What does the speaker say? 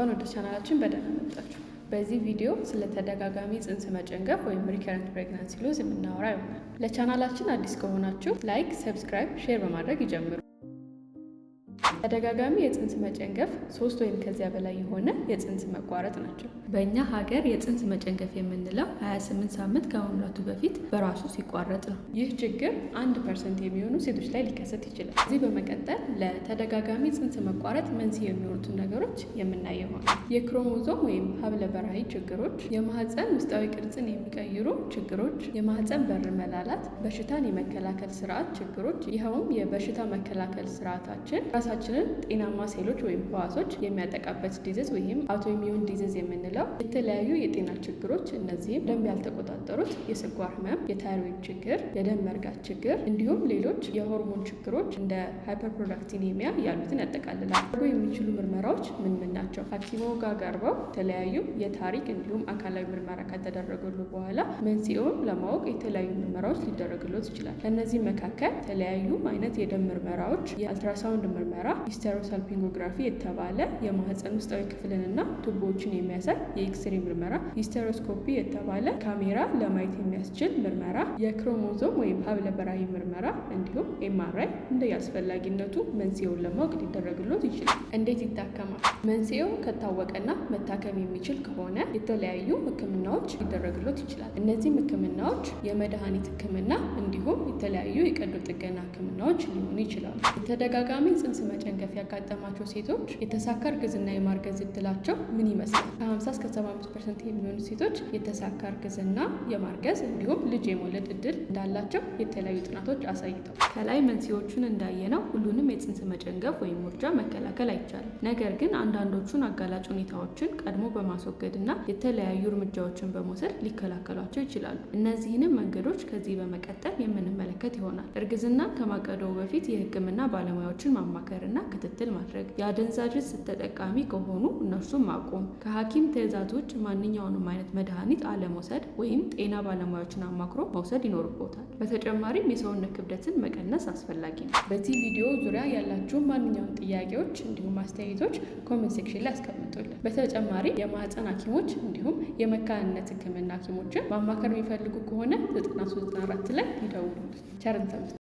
እንኳን ወደ ቻናላችን በደህና መጣችሁ። በዚህ ቪዲዮ ስለ ተደጋጋሚ ጽንስ መጨንገፍ ወይም ሪከረንት ፕሬግናንሲ ሎዝ የምናወራ ይሆናል። ለቻናላችን አዲስ ከሆናችሁ ላይክ፣ ሰብስክራይብ፣ ሼር በማድረግ ይጀምሩ። ተደጋጋሚ የፅንስ መጨንገፍ ሶስት ወይም ከዚያ በላይ የሆነ የፅንስ መቋረጥ ናቸው። በእኛ ሀገር የፅንስ መጨንገፍ የምንለው 28 ሳምንት ከመሙላቱ በፊት በራሱ ሲቋረጥ ነው። ይህ ችግር አንድ ፐርሰንት የሚሆኑ ሴቶች ላይ ሊከሰት ይችላል። እዚህ በመቀጠል ለተደጋጋሚ ፅንስ መቋረጥ መንስኤ የሚሆኑትን ነገሮች የምናየው ሆነ የክሮሞዞም ወይም ሀብለ በራሂ ችግሮች፣ የማህፀን ውስጣዊ ቅርጽን የሚቀይሩ ችግሮች፣ የማህፀን በር መላላት፣ በሽታን የመከላከል ስርዓት ችግሮች። ይኸውም የበሽታ መከላከል ስርዓታችን ራሳችን ሰውነታችንን ጤናማ ሴሎች ወይም ህዋሶች የሚያጠቃበት ዲዝዝ ወይም አውቶ ዲዝዝ የምንለው የተለያዩ የጤና ችግሮች እነዚህም ደንብ ያልተቆጣጠሩት የስኳር ህመም፣ የታይሮይድ ችግር፣ የደም መርጋት ችግር እንዲሁም ሌሎች የሆርሞን ችግሮች እንደ ሃይፐርፕሮዳክቲኒሚያ ያሉትን ያጠቃልላል። ሊያደርጉ የሚችሉ ምርመራዎች ምን ምን ናቸው? ሐኪሞ ጋር ቀርበው የተለያዩ የታሪክ እንዲሁም አካላዊ ምርመራ ከተደረገሉ በኋላ መንስኤውን ለማወቅ የተለያዩ ምርመራዎች ሊደረግሎት ይችላል። ከእነዚህ መካከል የተለያዩ አይነት የደም ምርመራዎች፣ የአልትራሳውንድ ምርመራ፣ ሂስተሮሳልፒንጎግራፊ የተባለ የማህፀን ውስጣዊ ክፍልንና ቱቦዎችን የሚያሳይ የኤክስሬ ምርመራ፣ ሂስተሮስኮፒ የተባለ ካሜራ ለማየት የሚያስችል ምርመራ፣ የክሮሞዞም ወይም ሀብለ በራዊ ምርመራ እንዲሁም ኤምአርአይ እንደ የአስፈላጊነቱ መንስኤውን ለማወቅ ሊደረግሎት ይችላል። እንዴት ይታከማል? መንስኤው ከታወቀና መታከም የሚችል ከሆነ የተለያዩ ህክምናዎች ሊደረግሎት ይችላል። እነዚህም ህክምናዎች የመድኃኒት ህክምና እንዲሁም የተለያዩ የቀዶ ጥገና ህክምናዎች ሊሆኑ ይችላሉ። የተደጋጋሚ ጽንስ መጨ ሸንገፍ ያጋጠማቸው ሴቶች የተሳካ እርግዝና የማርገዝ እድላቸው ምን ይመስላል? ከ50 እስከ 75 ፐርሰንት የሚሆኑ ሴቶች የተሳካ እርግዝና የማርገዝ እንዲሁም ልጅ የመውለድ እድል እንዳላቸው የተለያዩ ጥናቶች አሳይተው ከላይ መንስኤዎቹን እንዳየነው ሁሉንም የፅንስ መጨንገፍ ወይም ውርጃ መከላከል አይቻልም። ነገር ግን አንዳንዶቹን አጋላጭ ሁኔታዎችን ቀድሞ በማስወገድ የተለያዩ እርምጃዎችን በመውሰድ ሊከላከሏቸው ይችላሉ። እነዚህንም መንገዶች ከዚህ በመቀጠል የምንመለከት ይሆናል። እርግዝና ከማቀዶ በፊት የህክምና ባለሙያዎችን ማማከርና መመርመርና ክትትል ማድረግ፣ የአደንዛዥ ተጠቃሚ ከሆኑ እነርሱም ማቆም፣ ከሐኪም ትዕዛዝ ውጭ ማንኛውንም አይነት መድኃኒት አለመውሰድ ወይም ጤና ባለሙያዎችን አማክሮ መውሰድ ይኖርቦታል። በተጨማሪም የሰውነት ክብደትን መቀነስ አስፈላጊ ነው። በዚህ ቪዲዮ ዙሪያ ያላችሁ ማንኛውም ጥያቄዎች እንዲሁም አስተያየቶች ኮሜንት ሴክሽን ላይ አስቀምጡልን። በተጨማሪም የማህፀን ሐኪሞች እንዲሁም የመካንነት ሕክምና ሐኪሞችን ማማከር የሚፈልጉ ከሆነ 9394 ላይ ይደውሉልን። ቸርን ሰንብቱ።